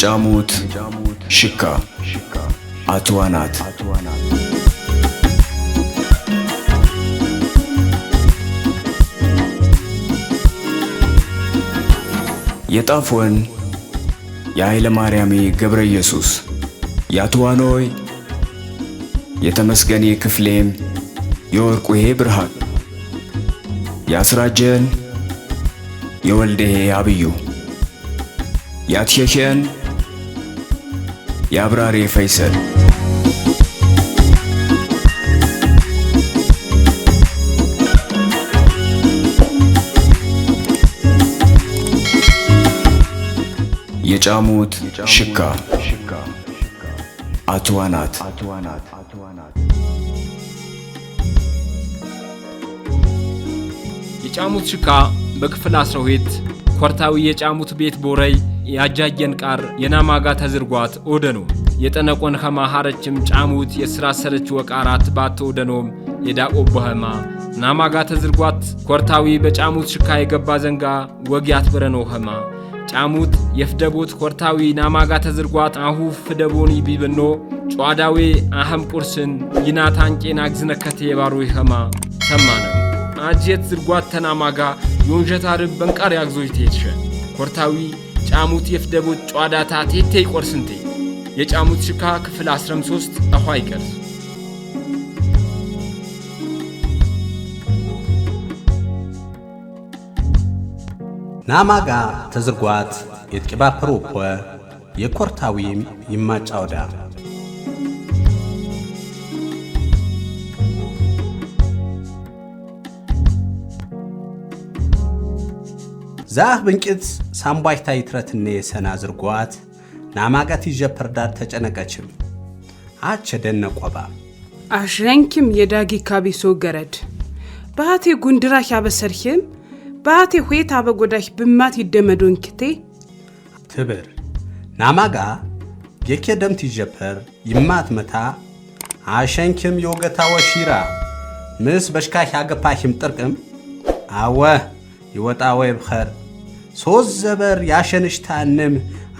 የጫሙት ሽካ አትዋናት የጣፎን የኃይለ ማርያሜ ገብረ ኢየሱስ የአትዋኖይ የተመስገኔ ክፍሌም የወርቁሄ ብርሃን የአስራጀን የወልደሄ አብዩ ያትሸሸን የአብራሪ ፈይሰል የጫሙት ሽካ አትዋናት የጫሙት ሽካ በክፍል አስራ ኮርታዊ የጫሙት ቤት ቦረይ የአጃየን ቃር የናማጋ ተዝርጓት ኦደኖም የጠነቆን ኸማ ሐረችም ጫሙት የስራሰረች ወቃራት ባቶ ኦደኖም የዳቆቦ ኸማ ናማጋ ተዝርጓት ኮርታዊ በጫሙት ሽካ የገባ ዘንጋ ወግያት በረኖ ኸማ ጫሙት የፍደቦት ኮርታዊ ናማጋ ተዝርጓት አሁ ፍደቦኒ ቢብኖ ጨዋዳዌ አህም ቁርስን ይናታንቄን አግዝነከት የባሮ ኸማ ሰማ ነው አጅየት ዝርጓት ተናማጋ ዮንዠታርብ በንቃር ያግዞች ተየትሸ ኮርታዊ ጫሙት የፍደቦት ጨዋዳታ ቴቴ ቆርስንቴ የጫሙት ሽካ ክፍል 13 ጠኋ ይቀርስ ናማጋ ተዝርጓት የጥቂባፕሮፖ የኮርታዊም ይማጫውዳ ዛህ ብንቂት ሳምቧይታ ይትረትኔ የሰና ዝርጓት ናማቀት ይዠፐርዳር ተጨነቀችም አቸ ደነቆባ አሽረንኪም የዳጊ ካቢሶ ገረድ ባቴ ጉንድራሽ ያበሰርህም ባቴ ዄት አበጎዳሽ ብማት ይደመዶን ይደመዶንክቴ ትብር ናማጋ የኬ ደምት ይዠፐር ይማት መታ አሸንኪም የወገታ ወሺራ ምስ በሽካሽ አገፓሽም ጥርቅም አወ ይወጣ ወይ ብኸር ሶስት ዘበር ያሸንሽታንም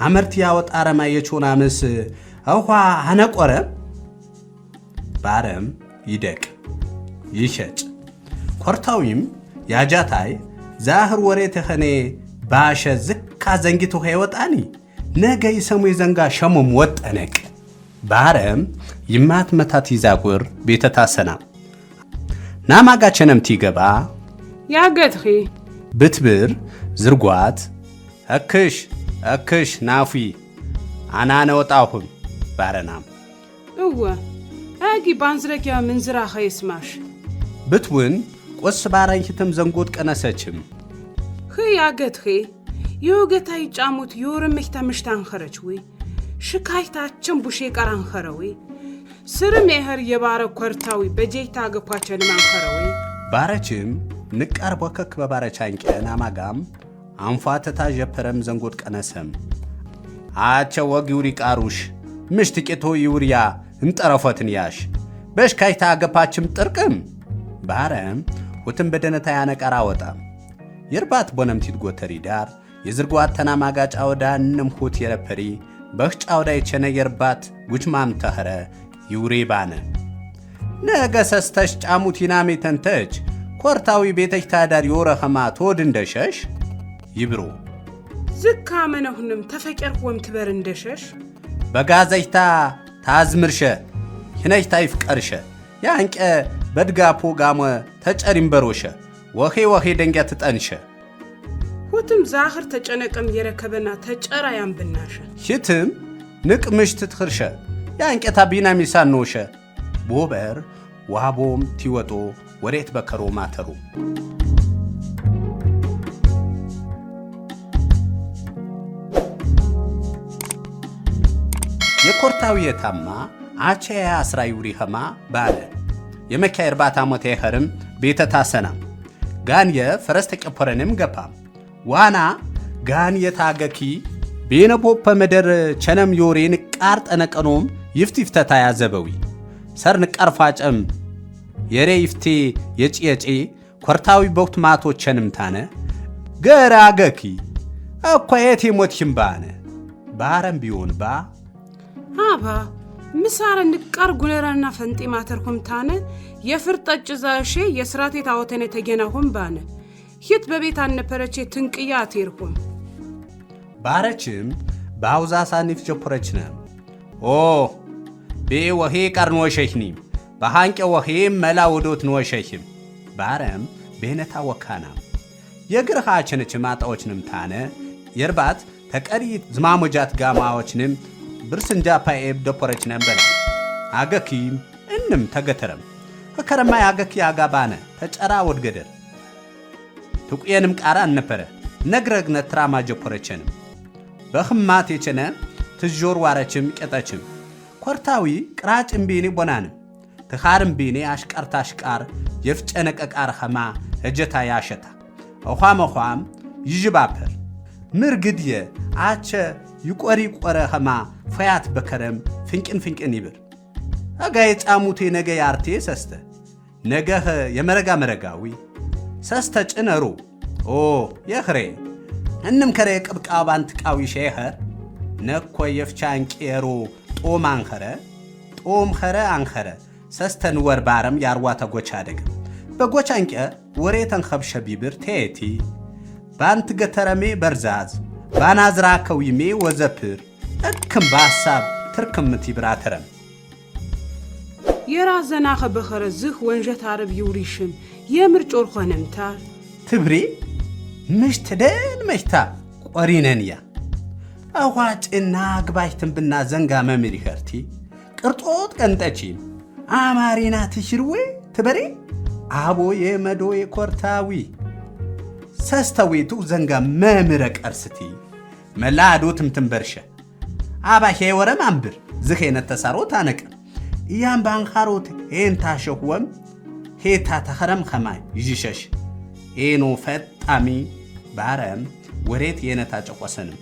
አመርት ያወጣ አረማ የቾን አምስ አውኋ አነቆረ ባረም ይደቅ ይሸጭ ኮርታዊም ያጃታይ ዛህር ወሬ ተኸኔ ባሸ ዝካ ዘንጊቶ ኸይወጣኒ ነገ ይሰሙ ዘንጋ ሸሙም ወጠነቅ ባረም ይማት መታት ይዛጉር ቤተ ታሰና ናማጋቸነምቲ ቲገባ ያገትኺ ብትብር ዝርጓት እክሽ እክሽ ናፊ አናነ ወጣሁም ባረናም እወ አጊ ባንዝረጊያ ምንዝራ ኸይስማሽ ብትውን ቈስ ባረንሽትም ዘንጎት ቀነሰችም ኽ ያገት ኸ የወገታይ ጫሙት የወረመሽታ ምሽታ ኸረች ወይ ሽካይታችን ቡሼ ቀራን ወይ ስርም የኸር የባረ ኰርታዊ በጄይታ በጄታ ገኳቸንም ወይ ባረችም ንቃርቧ ከክበባረ ቻንቄን አማጋም አንፏተታ ዠፐረም ዘንጎት ቀነሰም አቸ ወግ ይውሪ ቃሩሽ ምሽ ጥቂቶ ይውርያ እንጠረፎትን ያሽ በሽ ካይታ አገፓችም ጥርቅም ባረም ሁትም በደነታ ያነቃር አወጣ የርባት ቦነምቲት ጎተሪ ዳር የዝርጓት ተናማጋ ጫወዳንም ሁት የረፐሪ በህጫ ወዳ የቸነ የርባት ጉጅማም ተኸረ ይውሬ ባነ ነገ ሰስተሽ ጫሙት ይናሜ ተንተች ኮርታዊ ቤተች ታዳሪ ወረኸማ ትወድ እንደሸሽ ይብሮ ዝካ መነሁንም ተፈቀር ወም ትበር እንደሸሽ በጋዘይታ ታዝምርሸ ሂነጅታ ይፍቀርሸ ያንቀ በድጋፖ ጋመ ተጨሪምበሮሸ ወኼ ወኼ ደንጊያ ትጠንሸ ሁትም ዛኽር ተጨነቀም የረከበና ተጨራ ያምብናሸ ሽትም ንቅ ምሽት ትኽርሸ ያንቀታ ሚሳን ኖሸ ቦበር ዋቦም ቲወጦ ወዴት በከሮ ማተሩ የኮርታዊ የታማ አቸያ አስራዩሪ ኸማ ባለ የመኪያ እርባታ ሞቴ ኸርም ቤተ ታሰና ጋንየ ፈረስ ተቀፖረንም ገፓ ዋና ጋንየ ታገኪ ቤነቦፐ መደር ቸነም ዮሬን ቃር ጠነቀኖም ይፍት ይፍተታ ያዘበዊ ሰር ንቃርፋጨም የሬይፍቴ የጭየጪ ኮርታዊ ቦክት ማቶቸንም ታነ ገራ ገኪ ገራገኪ የት የቴሞትሽም ባነ ባረም ቢሆን ባ አባ ምሳረ ንቃር ጉለራና ፈንጤ ማተርኩም ታነ የፍርጠጭ ዛሼ የስራቴ ታወተነ ተገናሁም ባነ ሂት በቤት አነፐረቼ ትንቅያ አቴርኩም ባረችም በአውዛሳኒፍ ጀፖረችነ ኦ ቤ ወሄ ቀርኖሸሽኒም በሃንቄ ወኼም መላ ወዶት ንወሸሽም ባረም ቤነታ ወካናም ቸነች ማጣዎችንም ታነ የርባት ተቀሪ ዝማሞጃት ጋማዎችንም ብርስንጃ ፓኤብ ዶፖረች ነበር አገኪም እንም ተገተረም ከከረማ ያገኪ ያጋ ተጨራ ወድገደር ትቁየንም ቃራ አነበረ ነግረግ ነትራማ ጀፖረችንም በኽማት የቸነ ትዦር ዋረችም ቀጠችም ኮርታዊ ቅራጭ ቢኒ ቦናንም ክኻርን ቤኔ ኣሽቃርታ ኣሽቃር የፍጨነቀ ኸማ እጀታ ያሸታ ኦዃም ኦዃም ይዥባፐር ምርግድየ ኣቸ ይቈሪቈረ ኸማ ፈያት በከረም ፍንቅን ፍንቅን ይብል ኣጋ የጫሙቴ ነገ ያርቴ ሰስተ ነገኸ የመረጋ መረጋዊ ሰስተ ጭነሩ ኦ የኽሬ እንም ከረ የቅብቃብ አንትቃዊ ሸኸር ነኮ የፍቻ አንቄሮ ጦም አንኸረ ጦም ኸረ አንኸረ ሰስተን ወር ባረም ያርዋተ ጎቻ ደግም በጎቻ እንቄ ወሬተን ቢብር ቴቲ ባንት ገተረሜ በርዛዝ ባናዝራ ከዊሜ ወዘፕር እክም በሐሳብ ትርክምት ይብራተረም ተረም የራዘና ኸበኸረ ዝህ ወንዠት አረብ ይውሪሽም የምር ጮር ኾነምታር ትብሪ ምሽት ደን መሽታ ቆሪነን እያ አዋጭና ግባሽትን ብና ዘንጋ መምር ይኸርቲ ቅርጦት ቀንጠቺም አማሪና ትሽርዌ ትበሬ አቦ የመዶ የኮርታዊ ሰስተዊቱ ዘንጋ መምረ ቀርስቲ መላዶ ትምትን በርሸ አባሄ ወረም አንብር ዝህ ተሳሮ ታነቀ እያም ባንኻሮት ኤን ታሸኽወም ሄታ ተኸረም ኸማይ ይዥሸሽ ኤኖ ፈጣሚ ባረም ወሬት የነታ ጨቆሰንም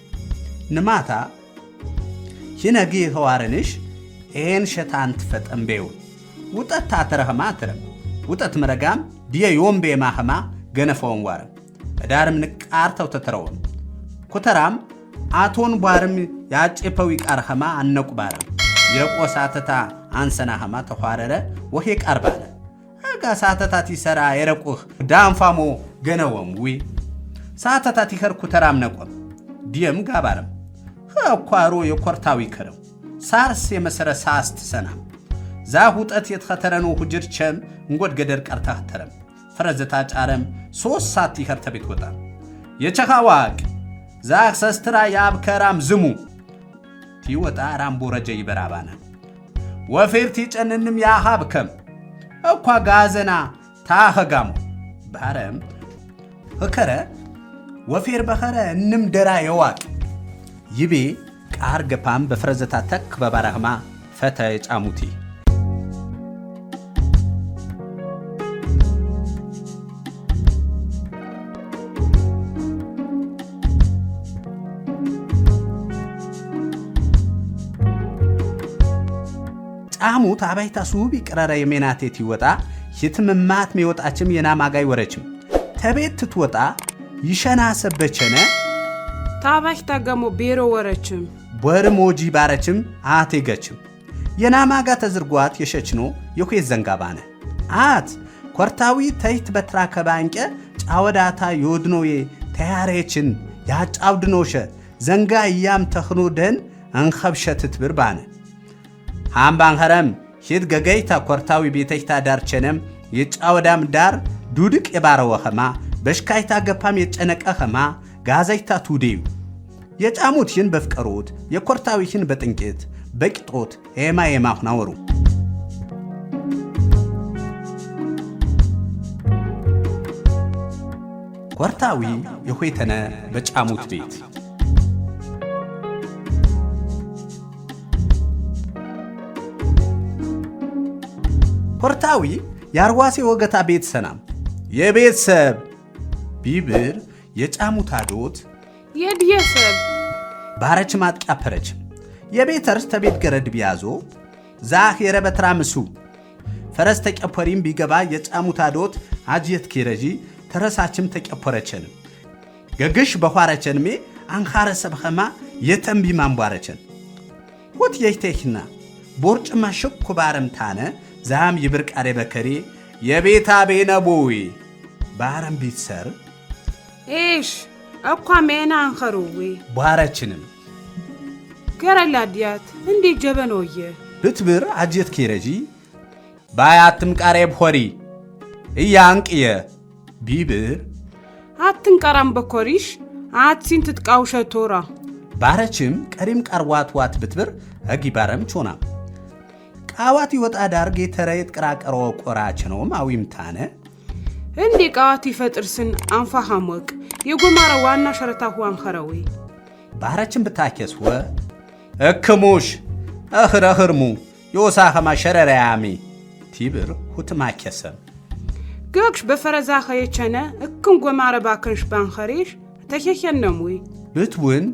ንማታ ሽነጊ ኸዋርንሽ ኤን ሸታን ትፈጠምቤውን ውጠት ታተረኸማ ትረም ውጠት ምረጋም ድየ ዮምቤ ማህማ ገነፈውን ዋርም ዕዳርም ንቃርተው ተተረውን ኩተራም አቶን ቧርም ያጬፈው ይቃርኸማ አነቁ ባረም ይረቆ ሳተታ አንሰናኸማ ተኋረረ ወኼ ቃር ባለ አጋ ሳተታ ቲሰራ የረቁህ ዳንፋሞ ገነወም ዊ ሳተታ ይኸር ኩተራም ነቆም ድየም ጋባረም ኸኳሮ የኮርታዊ ከረም ሳርስ የመሰረ ሳስት ሰናም ዛ ሁጠት የተኸተረኖ ሁጅር ቸም እንጎድ ገደር ቀርታ ኸተረም ፈረዘታ ጫረም ሶስት ሳት ይኸርተ ቤት ወጣ የቸኻ ዋቅ ዛ ሰስትራ የአብከራም ዝሙ ቲወጣ ራምቦ ረጀ ይበራባነ ወፌር ቲጨንንም ከም እኳ ጋዘና ታኸጋሙ ባረም ህከረ ወፌር በኸረ እንም ደራ የዋቅ ይቤ ቃር ገፓም በፈረዘታ ተክ በባራህማ ፈተ የጫሙቲ ናሙት አባይታ ሱቢ ቅረራ የሜናቴት ይወጣ የትምማት ሜወጣችም የናማጋይ ወረችም ተቤት ትትወጣ ይሸና ሰበቸነ ታባይታ ገሞ ቤሮ ወረችም ወርሞጂ ባረችም አቴገችም የናማጋ ተዝርጓት የሸችኖ የኩት ዘንጋባነ አት ኮርታዊ ተይት በትራ ከባንቀ ጫወዳታ የወድኖዬ ተያሬችን ያጫውድኖሸ ዘንጋ እያም ተኽኖ ደን አንኸብሸትት ብር ባነ ሃምባንኸረም ሂት ገገይታ ኰርታዊ ቤተይታ ዳርቸነም የጫወዳም ዳር ዱድቅ የባረወ ኸማ በሽካይታ ገፓም የጨነቀ ኸማ ጋዘይታ ቱዴዩ ሽን በፍቀሮት የኰርታዊሽን በጥንቄት በቂጦት ኤማ ኤማ ሁናወሩ ኰርታዊ የሆይተነ በጫሙት ቤት ኮርታዊ የአርዋሴ ወገታ ቤተሰናም የቤተሰብ ቢብር የጫሙት አዶት የድየሰብ ባረች ማጥቂያ ፐረች የቤተርስ ተቤት ገረድ ቢያዞ ዛህ የረበትራ ምሱ ፈረስ ተቀፈሪም ቢገባ የጫሙት አዶት አጅየት ኪረጂ ተረሳችም ተቀፈረችን ገግሽ በኋረችን ሜ አንኻረ ሰብኸማ የተንቢ ማንቧረችን ወት የይቴህና ቦርጭማ ሽኩ ባረምታነ ዛም ይብር ቃሬ በከሬ የቤታ ቤነ ባረም ቢትሰር ኤሽ እኳ ሜና አንኸሩዌ ባረችንም ገረላ አድያት እንዴ ጀበኖየ ብትብር አጀት ኬረጂ ባያትም ቃሬ ሆሪ እያንቅየ ቢብር አትንቀራም በኮሪሽ አትሲን ትጥቃውሸ ቶራ ባረችም ቀሪም ቀርዋትዋት ብትብር እጊ ባረም ቾናም አዋት ይወጣ ዳርጌ ተረየት ቅራቀሮ ቆራችነውም አዊምታነ እንዲ ቃዋት ይፈጥርስን አንፋ ሐሞቅ የጎማረ ዋና ሸረታ ሸረታሁ አንኸረዊ ባህራችን ብታኬስወ እክሙሽ እኽረ ኽርሙ የወሳ ኸማ ሸረረያሚ ቲብር ሁትማ ሁትማኬሰም ግክሽ በፈረዛ ኸየቸነ እክም ጎማረ ባክንሽ ባንኸሬሽ ተኬኬነሙይ ብትውን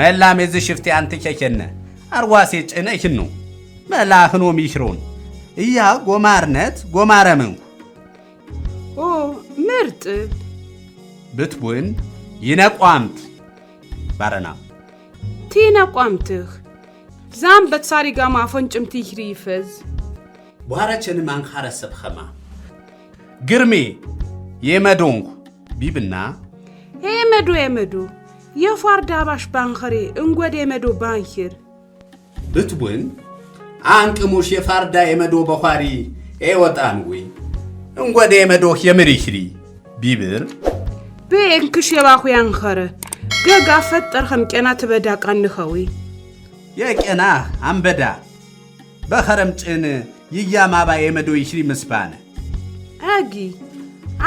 መላም የዝ ሽፍቴ አንትኬኬነ አርዋሴ ጭነ ይህን ነው መላፍኖ ሚሽሮን እያ ጎማርነት ጎማረምን ኦ ምርጥ ብትቡን ይነቋምት ባረና ቲነቋምትህ ዛም በትሳሪ ጋማ ፈንጭምቲ ይህሪ ይፈዝ ቧረችን ማንካረ ሰብኸማ ግርሜ የመዶንኩ ቢብና የመዶ የመዶ የፏር ዳባሽ ባንኸሬ እንጎድ የመዶ ባንኪር ብትቡን አንቅሙሽ የፋርዳ የመዶ በኋሪ ኤወጣን ወይ እንጐደ የመዶህ የምሪሽሪ ቢብር ብኤንክሽ የባኹ ያንኸረ ገጋ ፈጠርኸም ቄና ትበዳ ቃንኸዊ የቄና አንበዳ በኸረም ጭን ይያማባ የመዶ ይሽሪ ምስባነ አጊ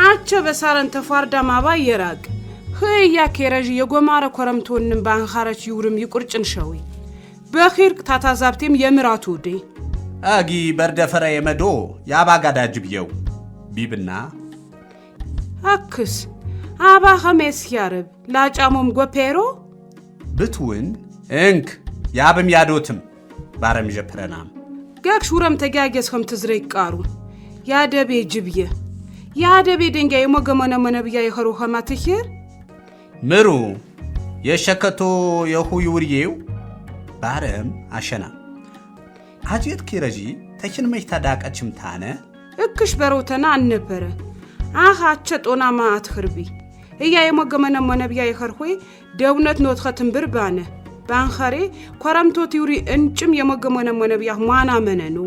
አቸ በሳረን ተፋርዳ ማባ የራቅ ህእያ ኬረዥ የጎማረ ኮረምቶንም ባንኻረች ይውርም ይቁርጭን ሸዊ በኺር ታታ የምራቱ ውዴ አጊ በርደፈረ የመዶ የአባጋዳጅ ብየው ቢብና አክስ አባ ኸሜስ ያርብ ላጫሞም ጎፔሮ ብትውን እንክ ያብም ያዶትም ባረም ዠፕረናም ጋግ ሹረም ተጋገስ ኸም ትዝረ ይቃሩ ያደቤ ጅብየ ያደቤ ደንጋይ የሞገመነ መነብያ የኸሮ ኸማ ትሄር ምሩ የሸከቶ የሁይ ውርዬው ባረም አሸና አጄት ኪረጂ ተችን መጅታ ዳቀችም ታነ እክሽ በሮተና አልነበረ አህ አቸ ጦና ማአት ህርቢ እያ የሞገመነ መነብያ የኸርሆይ ደውነት ኖትኸትን ብር ባነ ባንኸሬ ኮረምቶ ቲውሪ እንጭም የሞገመነ መነብያ ማና መነኑ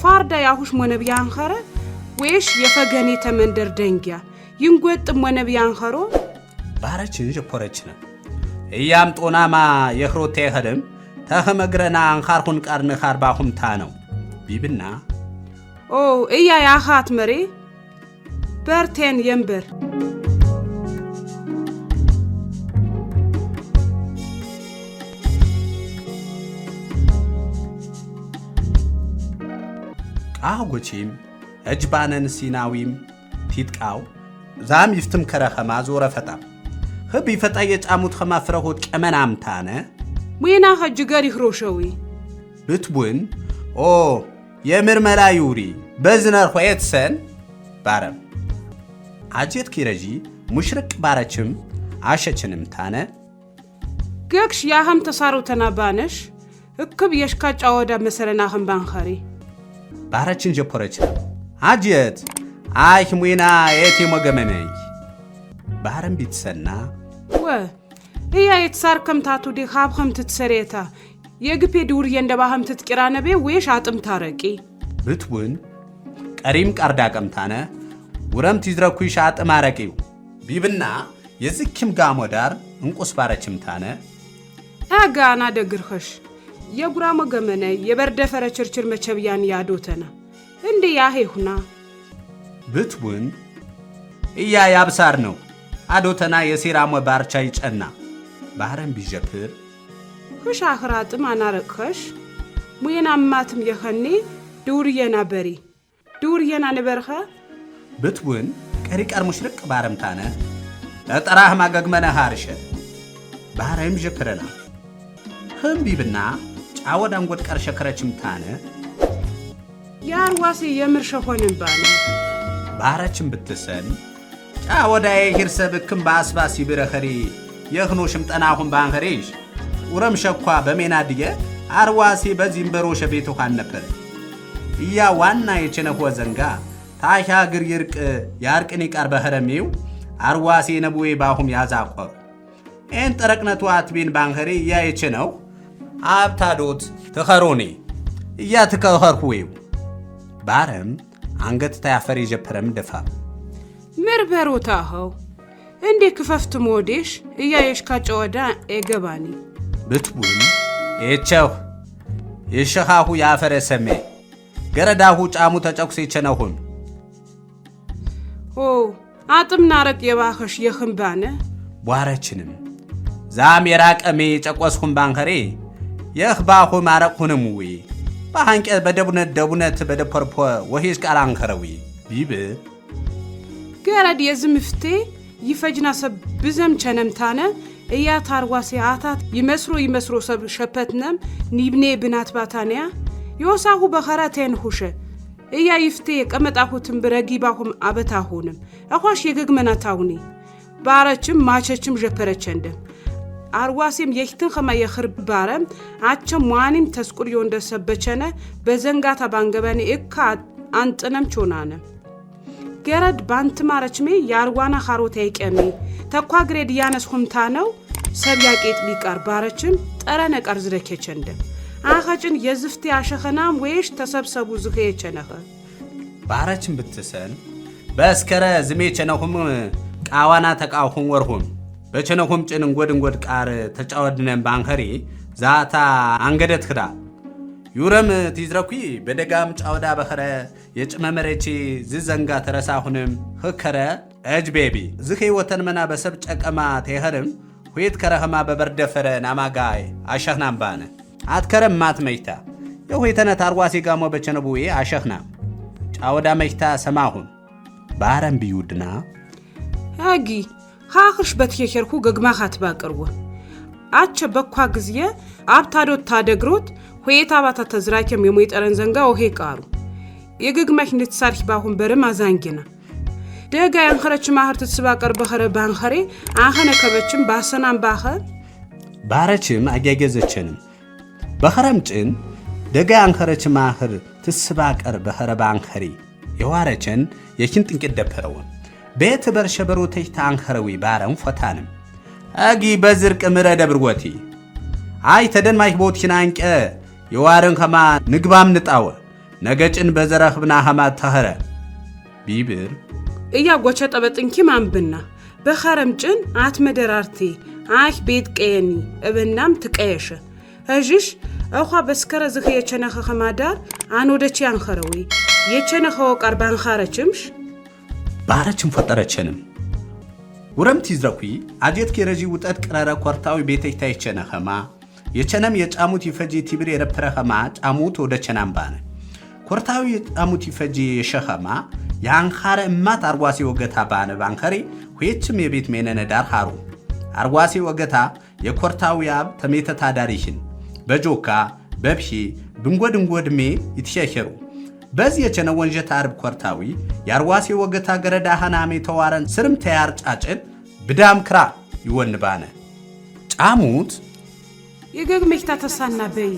ፋርዳ ያሁሽ መነብያ አንኸረ ወይሽ የፈገኔ ተመንደር ደንጊያ ይንጎጥ መነብያ አንኸሮ ባረችን ዥኮረችነ እያም ጦናማ የኽሮቴ ኸደም ተኸመግረና ቀርን ኻርባኹም ታ ነው ቢብና ኦ እያ ያኻት መሬ በርቴን የንበር ቃጎቼም እጅባነን ሲናዊም ቲጥቃው ዛም ይፍትም ከረኸማ ዞረ ፈጣ ህብ ይፈጣ የጫሙት ኸማ ፍረሆት ቀመናምታነ ሙየና ሀጅ ገሪህ ሮሸዊ ልትቡን ኦ የምርመራ ዩሪ በዝነር ኾየት ሰን ባረም አጀት ኪረጂ ሙሽርቅ ባረችም አሸችንም ታነ ገግሽ ያህም ተሳሮተና ተናባነሽ እክብ የሽካ ጫወዳ መሰረናህም ባንኸሪ ባረችን ጀፖረች አጀት አይ ሙና የቴ ሞገመነይ ባረም ቢትሰና ወ hiyaayet sarkam taatudee haabhamtit sareeta yeegipee duuryee ndabahamtit qiraanabee weesh aaximta araqee bitwun ቀሪም ቀርዳ ቀምታነ ውረምት ይዝረኩይ ሻጥም አረቂው ቢብና የዝኪም ጋሞ ዳር እንቁስ ባረችም ታነ አጋና ደግርኸሽ የጉራሞ ገመነ የበርደፈረ ችርችር መቸብያን ያዶተና እንዴ ያሄ ሁና ብትውን እያ ያብሳር ነው አዶተና የሴራሞ ባርቻ ይጨና ባህረን ቢዠክር ክሽ አኽራጥም አናረቅኸሽ ሙየና ማትም የኸኔ ድውርየና በሪ ድውርየና ንበርኸ ብትውን ቀሪ ቀርሙሽ ርቅ ባረምታነ ለጠራህ ማገግመነ ሃርሸ ባህረን ቢዠክረና ህምቢብና ጫወዳ አንጎድ ቀርሸ ከረችምታነ የአርዋሴ የምርሸ ሆንን ባነ ባህረችን ብትሰን ጫወዳዬ ሂርሰብክም በአስባሲ ብረኸሪ የህኖ ሽምጠና አሁን ባንኸሬሽ ውረም ሸኳ በሜና ድየ አርዋሴ በዚምበሮሸ ቤት ውሃን ነበረ እያ ዋና የቸነኮ ዘንጋ ታሻ ግር ይርቅ ያርቅን ይቃር በህረሜው አርዋሴ ነቡዌ ባሁም ያዛቆብ ኤን ጠረቅነቱ አትቤን ባንኸሬ እያ የቸነው አብታዶት ትኸሮኔ እያ ትከኸርኩዌው ባረም አንገት ታያፈር የጀፐረም ድፋ ምርበሮታኸው እንዴ ክፈፍት ሞዴሽ እያየሽ ካጨ ወዳ ኤገባኒ ብትቡን ኤቸው የሽኻሁ የአፈረ ሰሜ ገረዳሁ ጫሙ ተጨኩስ ይቸነሁን ኦ አጥም ናረቅ የባኸሽ የኽምባነ ቧረችንም ዛም የራቀሜ የጨቆስኹም ባንኸሬ የኽባኹ ማረቅኹንም ዊ ባሃንቄ በደቡነት ደቡነት በደፖርፖ ወሂዝ ቃል አንኸረዊ ቢብ ገረድ የዝምፍቴ ይፈጅና ሰብ ብዘም ቸነምታነ እያ ታርዋሴ አታት ይመስሮ ይመስሮ ሰብ ሸፐትነም ኒብኔ ብናት ባታንያ የወሳሁ በኸራ ተንሁሸ እያ ይፍቴ የቀመጣሁትን ብረጊባሁም አበታሁንም አኳሽ የገግመናታሁኔ ባረችም ማቸችም ዠፐረቸ እንደም አርዋሴም የሂትን ኸማ የኽር ባረም አቸም ዋኒም ተስቁር የወንደሰበቸነ በዘንጋታ ባንገበኒ እካ አንጥነም ቾናነም ገረድ ባንት ባንትማረችሜ ያርዋና ኻሮተ ይቀሚ ተኳ ግሬድ ያነስ ሁምታ ነው ሰብያ ቄጥ ቢቀር ባረችም ጠረነ ቀርዝረ ኬቸንደ አኸጭን የዝፍቲ አሸኸናም ወይሽ ተሰብሰቡ ዝኸ የቸነኸ ባረችም ብትሰል በስከረ ዝሜ ቸነኹም ቃዋና ተቃኹም ወርሁም በቸነኹም ጭን እንጎድ እንጎድ ቃር ተጫወድነን ባንኸሪ ዛታ አንገደት ክዳ ዩረም ቲዝረኩ በደጋም ጫውዳ በኸረ የጭመመረቺ ዝዘንጋ ተረሳ ሁንም ህከረ እጅ ቤቢ ዝኸይ ወተን መና በሰብ ጨቀማ ቴኸርም ሁየት ከረኸማ በበርደፈረ ናማጋይ አሸኽናም ባነ አትከረም ማት መይታ የሁይተነ ታርዋ ጋሞ በቸነቡዬ አሸኽናም ጫወዳ መይታ ሰማሁን ባረም ብዩድና አጊ ሃኽርሽ በትየኬርኩ ገግማ ኻትባ አቸ በኳ ጊዜ አብታዶ ታደግሮት ሁኔታ ባታ ተዝራኬም የሙይጠረን ዘንጋ ኦሄ ቃሩ የግግማሽ ንትሳርሽ ባሁን በርም አዛንጊና ደጋ ያንኸረች ማህር ትስባ ቀርበ ኸረ ባንኸሬ አንኸነ ከበችም ባሰናም ባኸ ባረችም አጋገዘችንም በኸረም ጭን ደጋ ያንኸረች ማህር ትስባ ቀር በኸረ ባንኸሬ የዋረችን የኪን ጥንቅት ደፈረውን ቤት በርሸበሮተች አንኸረዊ ባረም ፎታንም አጊ በዝርቅ ምረ ደብርወቲ አይ ተደንማይክ ቦትሽን አንቀ የዋርን ኸማ ንግባም ንጣወ ነገጭን በዘረኽብና ኸማ ተኸረ ቢብር እያ ጐቸ ጠበጥንኪ ማንብና በኸረም ጭን አትመደራርቲ አህ ቤት ቀየኒ እብናም ትቀየሸ እዥሽ እኳ በስከረ ዝኸ የቸነኸ ኸማዳር አንወደች ያንኸረዊ የቸነኸ ወቃር ባንኻረችምሽ ባረችም ፈጠረችንም ውረምቲ ዘኩይ አጀት ኬረጂ ውጠት ቀረረ ኮርታዊ ቤተይታይ ቸነ ኸማ የቸነም የጫሙት ይፈጂ ቲብር የረፕረ ኸማ ጫሙት ወደ ቸናም ኮርታዊ የጫሙት ይፈጂ የሸኸማ የአንኻረ እማት አርጓሴ ወገታ ባነ ባንከሬ ሁየችም የቤት ሜነነ ዳር ሃሩ አርጓሴ ወገታ የኮርታዊ አብ ተሜተታ ዳሪሽን በጆካ በብሺ ድንጎ ድንጎ ይትሸሸሩ በዚህ የቸነወ እንዠት አርብ ኮርታዊ የአርዋሴ ወገታ ገረዳ ሐናሜ ተዋረን ስርም ተያር ጫጭን ብዳም ክራ ይወን ባነ ጫሙት የገግመሽታ ተሳና በይ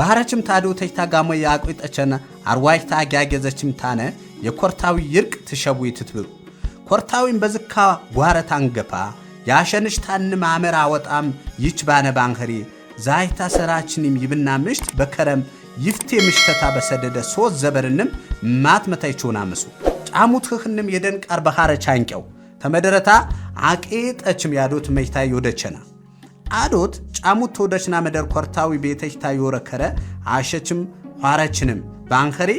ባህረችም ታዶተችታ ጋሞ የአቆጠቸነ አርዋይታ አጋገዘችም ታነ የኮርታዊ ይርቅ ትሸቡ ትትብሩ ኮርታዊም በዝካ ጓረት አንገፋ ታን ማመር አወጣም ይች ባነ ባንኸሪ ዛይታ ሰራችንም ይብና ምሽት በከረም ይፍቴ ምሽተታ በሰደደ ሶስት ዘበርንም ማት መታይቾና ምሱ ጫሙት ህክንም ቃር በሃረ ቻንቀው ተመደረታ አቄ ጠችም ያዶት መይታ ይወደቸና አዶት ጫሙት ተወደችና መደር ኮርታዊ ቤተሽታ ይወረከረ አሸችም ኋረችንም ባንኸሬ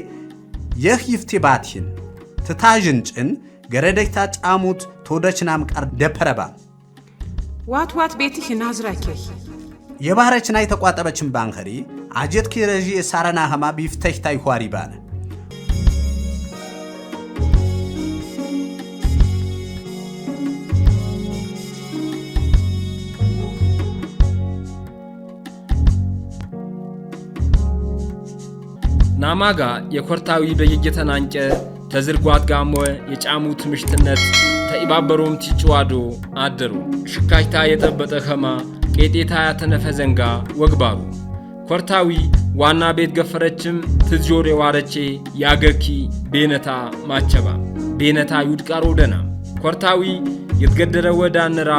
የህ ይፍቴ ባትህን ትታዥን ጭን ገረደታ ጫሙት ተወደችናም ቃር ደፐረባ ዋት ዋት ቤትህ ናዝራኬ የባህረችና የተቋጠበችን ባንኸሬ ajet kireji sarana hama biftehtai huaribana ናማጋ የኮርታዊ በየጌተናንጨ ተዝርጓት ጋሞ የጫሙ ትምሽትነት ተኢባበሮም ቲጭዋዶ አደሩ ሽካይታ የጠበጠ ኸማ ቄጤታ ያተነፈ ዘንጋ ወግባሩ ኮርታዊ ዋና ቤት ገፈረችም ትዝዮር የዋረቼ ያገኪ ቤነታ ማቸባ ቤነታ ይውድቃር ወደና ኮርታዊ የትገደረ ወዳ ንራ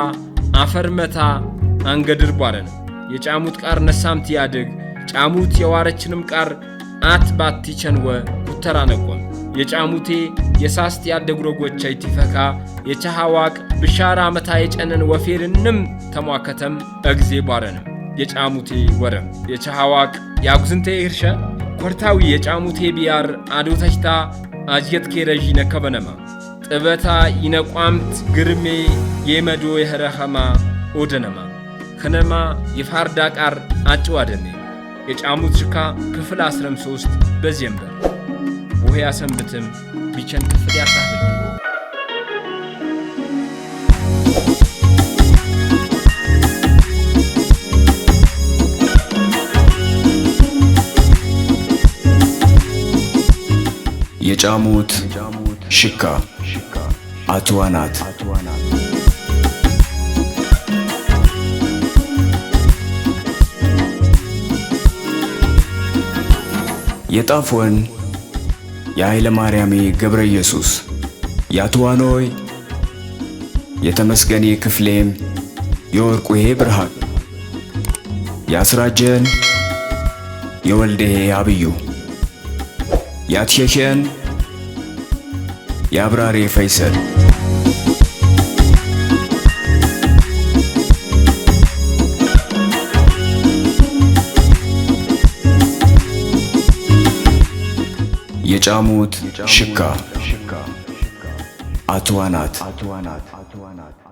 አፈርመታ አንገድር ቧረን የጫሙት ቃር ነሳምት ያድግ ጫሙት የዋረችንም ቃር አት ባቲ ቸንወ ኩተራ ነቆም የጫሙቴ የሳስት ያደግሮ ጎቻይ ቲፈካ የቻሃዋቅ ብሻራ መታ የጨነን ወፌርንም ተሟከተም እግዜ ቧረንም የጫሙቴ ወረም የቻሃዋቅ የአጉዝንቴ እርሸ ኮርታዊ የጫሙቴ ቢያር አዶተሽታ አጅየት ኬረዥ ነከበነማ ጥበታ ይነቋምት ግርሜ የመዶ የኸረኸማ ኦደነማ ከነማ የፋርዳ ቃር አጭዋደኔ የጫሙት ሽካ ክፍል 13 በዚህ በዜምበር ውሄ ያሰንብትም ቢቸን ክፍል ያሳህል የጫሙት ሽካ አትዋ የጣፎን የኃይለ ማርያሜ ገብረ ኢየሱስ የአትዋኖይ የተመስገኔ ክፍሌም የወርቁሄ ብርሃን የአስራጀን የወልደሄ አብዩ ያትሸሸን የአብራሪ ፈይሰል የጫሙት ሽካ አትዋናት